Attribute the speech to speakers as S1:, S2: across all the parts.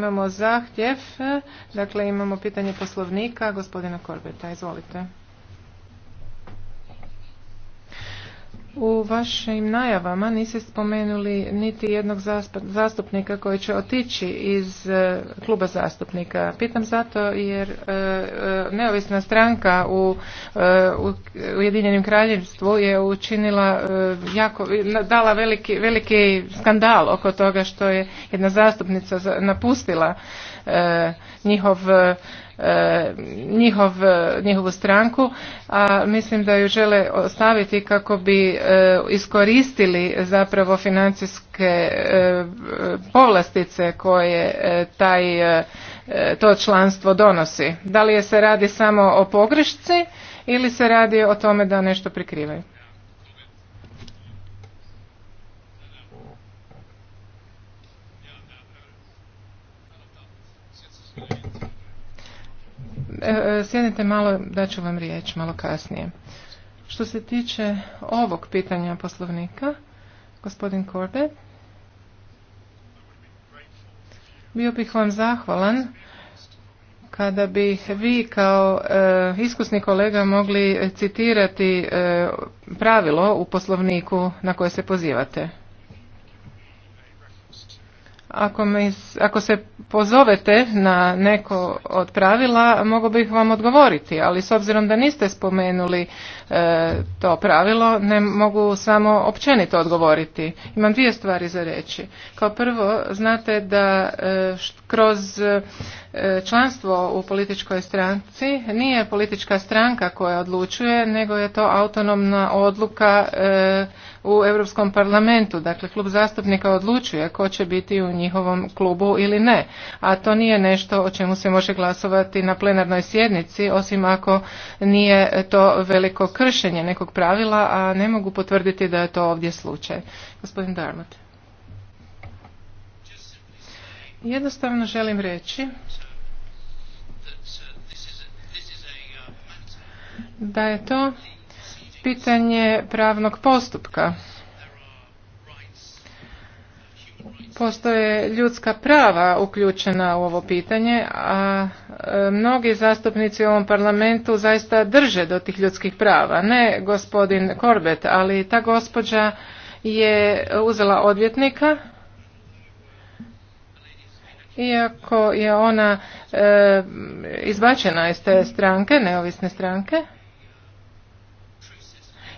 S1: Imamo zahtjev, e, dakle imamo pitanje poslovnika gospodina Korbeta, izvolite. U vašim najavama niste spomenuli niti jednog zastupnika koji će otići iz e, kluba zastupnika. Pitam zato jer e, e, neovisna stranka u Ujedinjenim kraljevstvu je učinila jako, dala veliki, veliki skandal oko toga što je jedna zastupnica napustila njihov Eh, njihov, eh, njihovu stranku, a mislim da ju žele ostaviti kako bi eh, iskoristili zapravo financijske povlastice koje taj to članstvo donosi. Da li je se radi samo o pogrešci ili se radi o tome da nešto prikrivaju? E, e, sjednite malo, ću vam riječ malo kasnije. Što se tiče ovog pitanja poslovnika, gospodin korde bio bih vam zahvalan kada bi vi kao e, iskusni kolega mogli citirati pravilo u poslovniku na koje se pozivate. Ako, mi, ako se pozovete na neko od pravila, mogu bih vam odgovoriti, ali s obzirom da niste spomenuli e, to pravilo, ne mogu samo općenito odgovoriti. Imam dvije stvari za reći. Kao prvo, znate da e, kroz članstvo u političkoj stranci nije politička stranka koja odlučuje nego je to autonomna odluka e, u Europskom parlamentu. Dakle, klub zastupnika odlučuje ko će biti u njihovom klubu ili ne. A to nije nešto o čemu se može glasovati na plenarnoj sjednici, osim ako nije to veliko kršenje nekog pravila, a ne mogu potvrditi da je to ovdje slučaj. Gospodin Darmat. Jednostavno želim reći da je to pitanje pravnog postupka. Postoje ljudska prava uključena u ovo pitanje, a e, mnogi zastupnici u ovom parlamentu zaista drže do tih ljudskih prava. Ne gospodin Korbet, ali ta gospođa je uzela odvjetnika iako je ona e, izbačena iz te stranke, neovisne stranke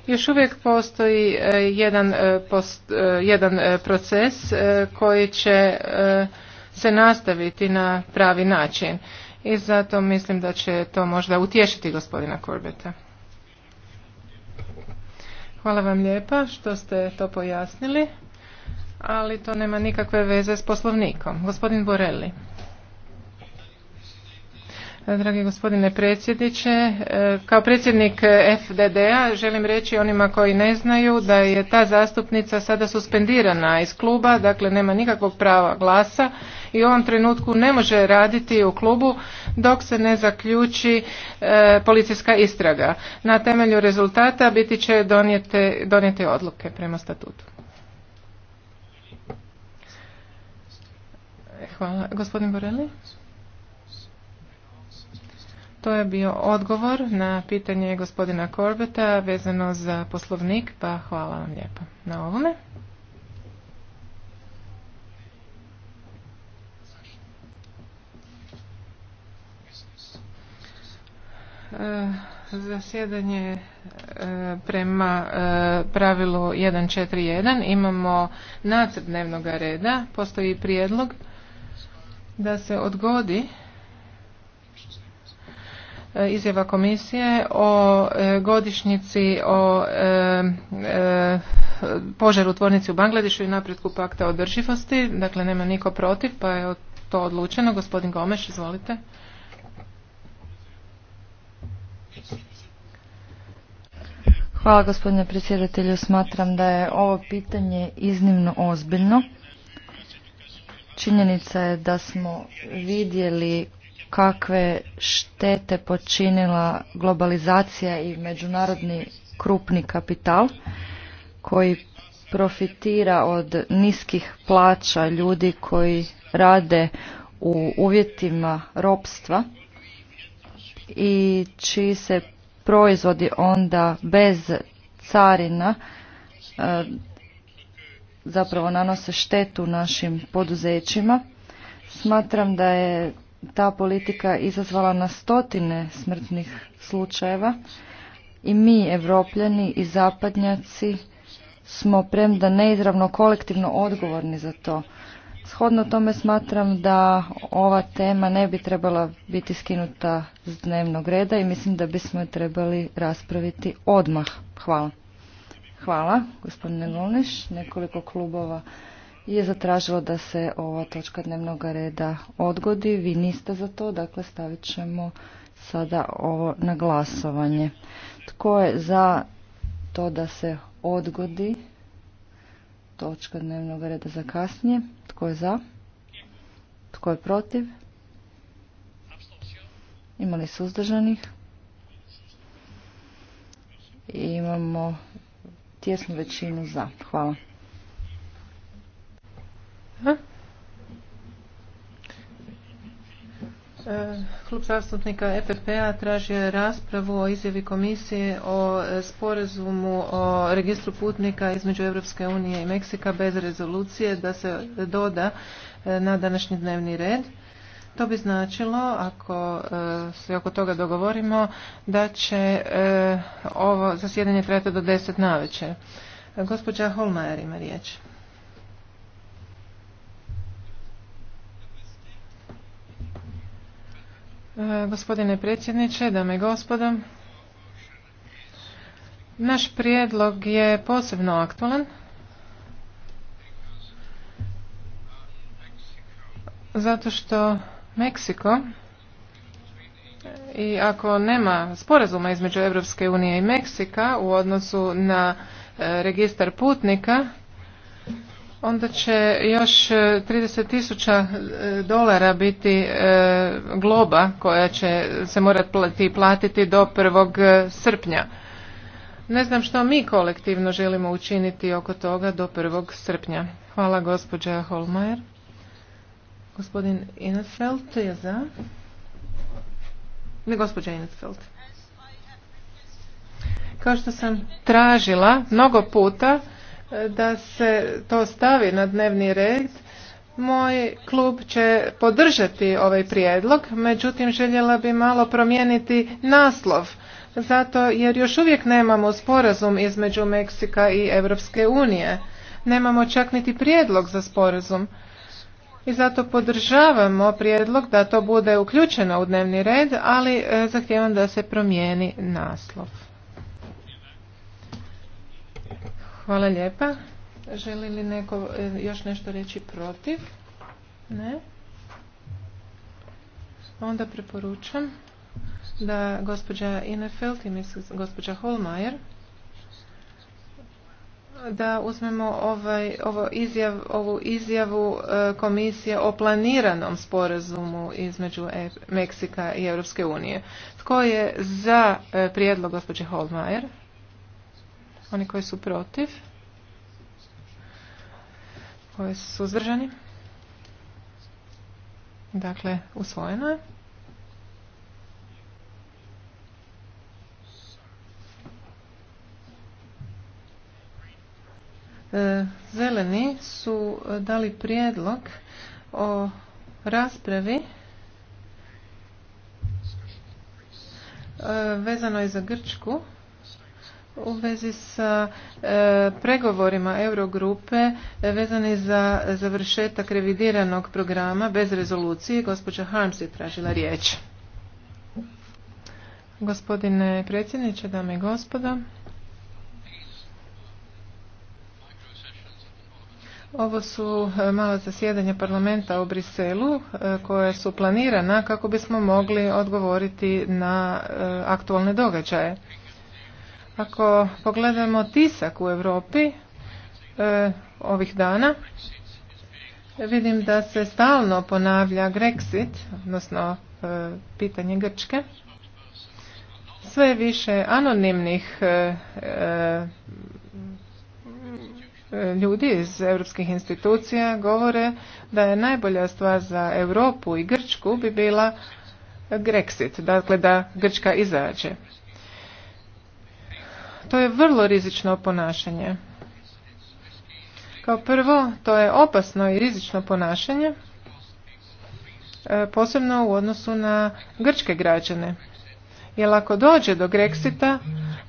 S1: još uvijek postoji e, jedan, e, e, jedan proces koji će se nastaviti na pravi način i zato mislim da će to možda utješiti gospodina Korbeta. Hvala vam lijepa što ste to pojasnili, ali to nema nikakve veze s poslovnikom. Gospodin Borelli. Dragi gospodine predsjedniče, e, kao predsjednik FDD-a želim reći onima koji ne znaju da je ta zastupnica sada suspendirana iz kluba, dakle nema nikakvog prava glasa i u ovom trenutku ne može raditi u klubu dok se ne zaključi e, policijska istraga. Na temelju rezultata biti će donijete, donijete odluke prema statutu. E, hvala. Gospodin Borelli? To je bio odgovor na pitanje gospodina Korbeta vezano za poslovnik, pa hvala vam lijepo na ovome. E, zasjedanje e, prema e, pravilu 1.4.1 imamo nacrt dnevnog reda. Postoji prijedlog da se odgodi E, izjava komisije o e, godišnjici o e, požaru u tvornici u Bangladešu i napretku pakta održivosti. Dakle, nema niko protiv, pa je to odlučeno. Gospodin Gomeš, izvolite.
S2: Hvala gospodine predsjedatelju. Smatram da je ovo pitanje iznimno ozbiljno. Činjenica je da smo vidjeli kakve štete počinila globalizacija i međunarodni krupni kapital koji profitira od niskih plaća ljudi koji rade u uvjetima ropstva i čiji se proizvodi onda bez carina e, zapravo nanose štetu našim poduzećima. Smatram da je ta politika izazvala na stotine smrtnih slučajeva i mi, evropljani i zapadnjaci, smo premda neizravno kolektivno odgovorni za to. Shodno tome smatram da ova tema ne bi trebala biti skinuta s dnevnog reda i mislim da bismo je trebali raspraviti odmah. Hvala. Hvala, gospodine Golniš. Nekoliko klubova je zatražilo da se ova točka dnevnog reda odgodi. Vi niste za to, dakle stavit ćemo sada ovo na glasovanje. Tko je za to da se odgodi točka dnevnog reda za kasnije? Tko je za? Tko je protiv? Ima li suzdržanih? imamo tjesnu većinu za. Hvala.
S1: Klub zastupnika EPP-a tražio raspravu o izjavi komisije o sporazumu o registru putnika između Europske unije i Meksika bez rezolucije da se doda e, na današnji dnevni red. To bi značilo, ako e, se oko toga dogovorimo, da će e, ovo zasjedanje trajati do 10 na Gospođa Holmajer ima riječ. E, gospodine predsjedniče, dame i gospodo, naš prijedlog je posebno aktualan zato što Meksiko e, i ako nema sporazuma između Europske unije i Meksika u odnosu na e, registar putnika, onda će još 30 e, tisuća e, dolara biti e, globa koja će se morati platiti do 1. srpnja. Ne znam što mi kolektivno želimo učiniti oko toga do 1. srpnja. Hvala gospođa Holmajer. Gospodin Inesfeld je za. Ne, gospođa Inesfeld. Kao što sam tražila mnogo puta, da se to stavi na dnevni red. Moj klub će podržati ovaj prijedlog, međutim željela bi malo promijeniti naslov, zato jer još uvijek nemamo sporazum između Meksika i Europske unije. Nemamo čak niti prijedlog za sporazum. I zato podržavamo prijedlog da to bude uključeno u dnevni red, ali e, zahtijevam da se promijeni naslov. Hvala lijepa. Želi li neko e, još nešto reći protiv? Ne. Onda preporučam da gospođa Inefeld i gospođa Holmeier da uzmemo ovaj, ovo izjav, ovu izjavu e, komisije o planiranom sporazumu između e- Meksika i Europske unije. Tko je za prijedlog gospođe Holmeier? Oni koji su protiv? Koji su suzdržani? Dakle, usvojeno je. E, zeleni su dali prijedlog o raspravi e, vezano je za Grčku u vezi sa e, pregovorima Eurogrupe e, vezani za završetak revidiranog programa bez rezolucije. Gospođa Harms je tražila riječ. Gospodine predsjedniče, dame i gospodo. Ovo su e, mala zasjedanja parlamenta u Briselu e, koje su planirana kako bismo mogli odgovoriti na aktualne događaje. Ako pogledamo tisak u Europi e, ovih dana, vidim da se stalno ponavlja Grexit, odnosno e, pitanje Grčke. Sve više anonimnih e, ljudi iz europskih institucija govore da je najbolja stvar za Europu i Grčku bi bila Grexit, dakle da Grčka izađe. To je vrlo rizično ponašanje. Kao prvo, to je opasno i rizično ponašanje, e, posebno u odnosu na grčke građane. Jer ako dođe do Grexita,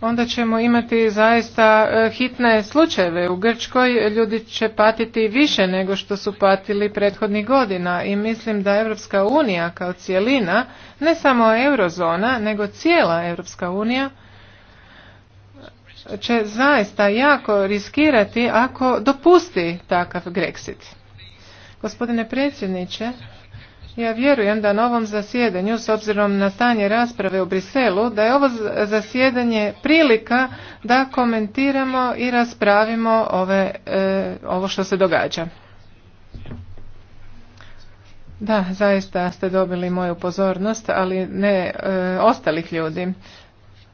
S1: onda ćemo imati zaista e, hitne slučajeve. U Grčkoj ljudi će patiti više nego što su patili prethodnih godina i mislim da Europska unija kao cijelina, ne samo eurozona, nego cijela Europska unija, će zaista jako riskirati ako dopusti takav Grexit. Gospodine predsjedniče, ja vjerujem da na ovom zasjedanju, s obzirom na stanje rasprave u Briselu, da je ovo zasjedanje prilika da komentiramo i raspravimo ove, e, ovo što se događa. Da, zaista ste dobili moju pozornost, ali ne e, ostalih ljudi.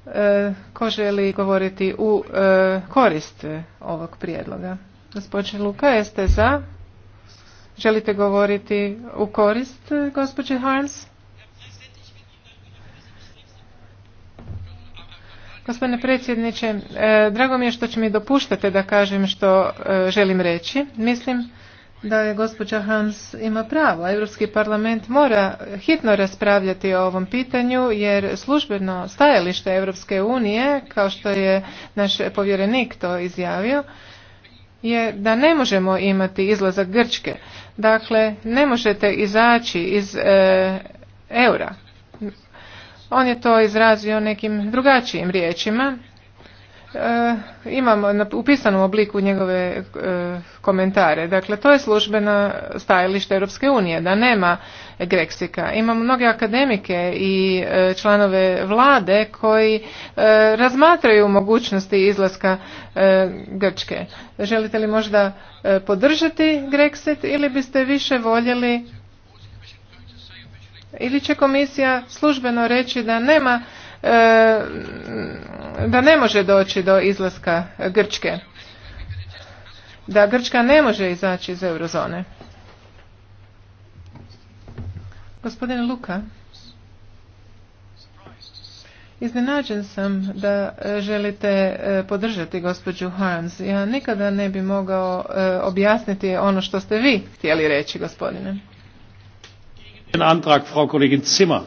S1: E, ko želi govoriti u e, korist ovog prijedloga? Gospodin Luka, jeste za? Želite govoriti u korist, gospođe Harns? Gospodine predsjedniče, e, drago mi je što će mi dopuštate da kažem što želim reći. Mislim da je gospođa Hans ima pravo. Europski parlament mora hitno raspravljati o ovom pitanju jer službeno stajalište Europske unije, kao što je naš povjerenik to izjavio, je da ne možemo imati izlazak Grčke. Dakle, ne možete izaći iz e, eura. On je to izrazio nekim drugačijim riječima imam eh, imamo u pisanom obliku njegove eh, komentare. Dakle, to je službeno stajalište Europske unije, da nema Greksika. Imamo mnoge akademike i eh, članove vlade koji razmatraju mogućnosti izlaska Grčke. Želite li možda podržati greksit ili biste više voljeli ili će komisija službeno reći da nema E, da ne može doći do izlaska Grčke. Da Grčka ne može izaći iz eurozone. Gospodin Luka. Iznenađen sam da želite e, podržati gospođu Harms. Ja nikada ne bi mogao e, objasniti ono što ste vi htjeli reći, gospodine.
S2: Antrag, Frau kolegin Zimmer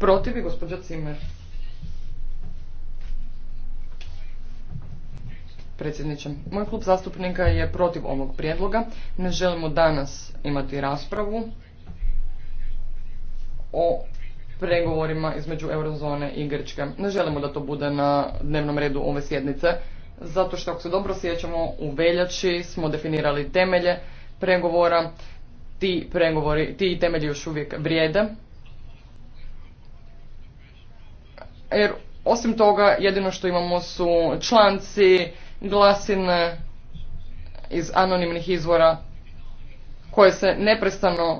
S3: protivi gospođa Cimer. Predsjedniče, moj klub zastupnika je protiv ovog prijedloga. Ne želimo danas imati raspravu o pregovorima između eurozone i Grčke. Ne želimo da to bude na dnevnom redu ove sjednice, zato što ako se dobro sjećamo, u veljači smo definirali temelje pregovora, ti pregovori, ti temelji još uvijek vrijede Jer osim toga jedino što imamo su članci, glasine iz anonimnih izvora koje se neprestano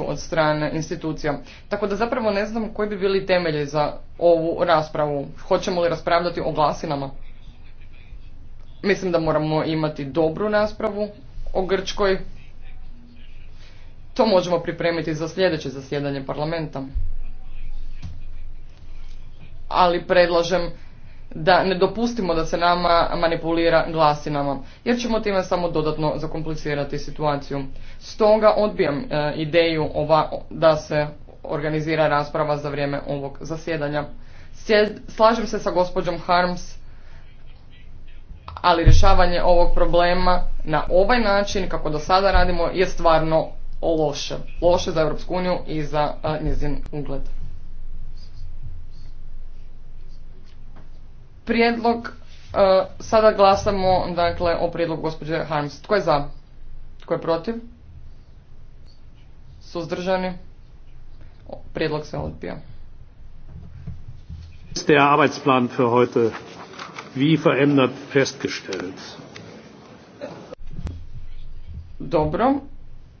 S3: uh, od strane institucija. Tako da zapravo ne znam koji bi bili temelji za ovu raspravu. Hoćemo li raspravljati o glasinama? Mislim da moramo imati dobru raspravu o Grčkoj. To možemo pripremiti za sljedeće zasjedanje parlamenta ali predlažem da ne dopustimo da se nama manipulira glasinama, jer ćemo time samo dodatno zakomplicirati situaciju. Stoga odbijam e, ideju ova, da se organizira rasprava za vrijeme ovog zasjedanja. slažem se sa gospođom Harms, ali rješavanje ovog problema na ovaj način, kako do sada radimo, je stvarno loše. Loše za Europsku uniju i za e, njezin ugled. Prijedlog, e, sada glasamo dakle o prijedlogu gospođe Harms. Tko je za? Tko je protiv? Suzdržani? Prijedlog se odbija.
S2: Der Arbeitsplan für heute wie verändert festgestellt. Dobro,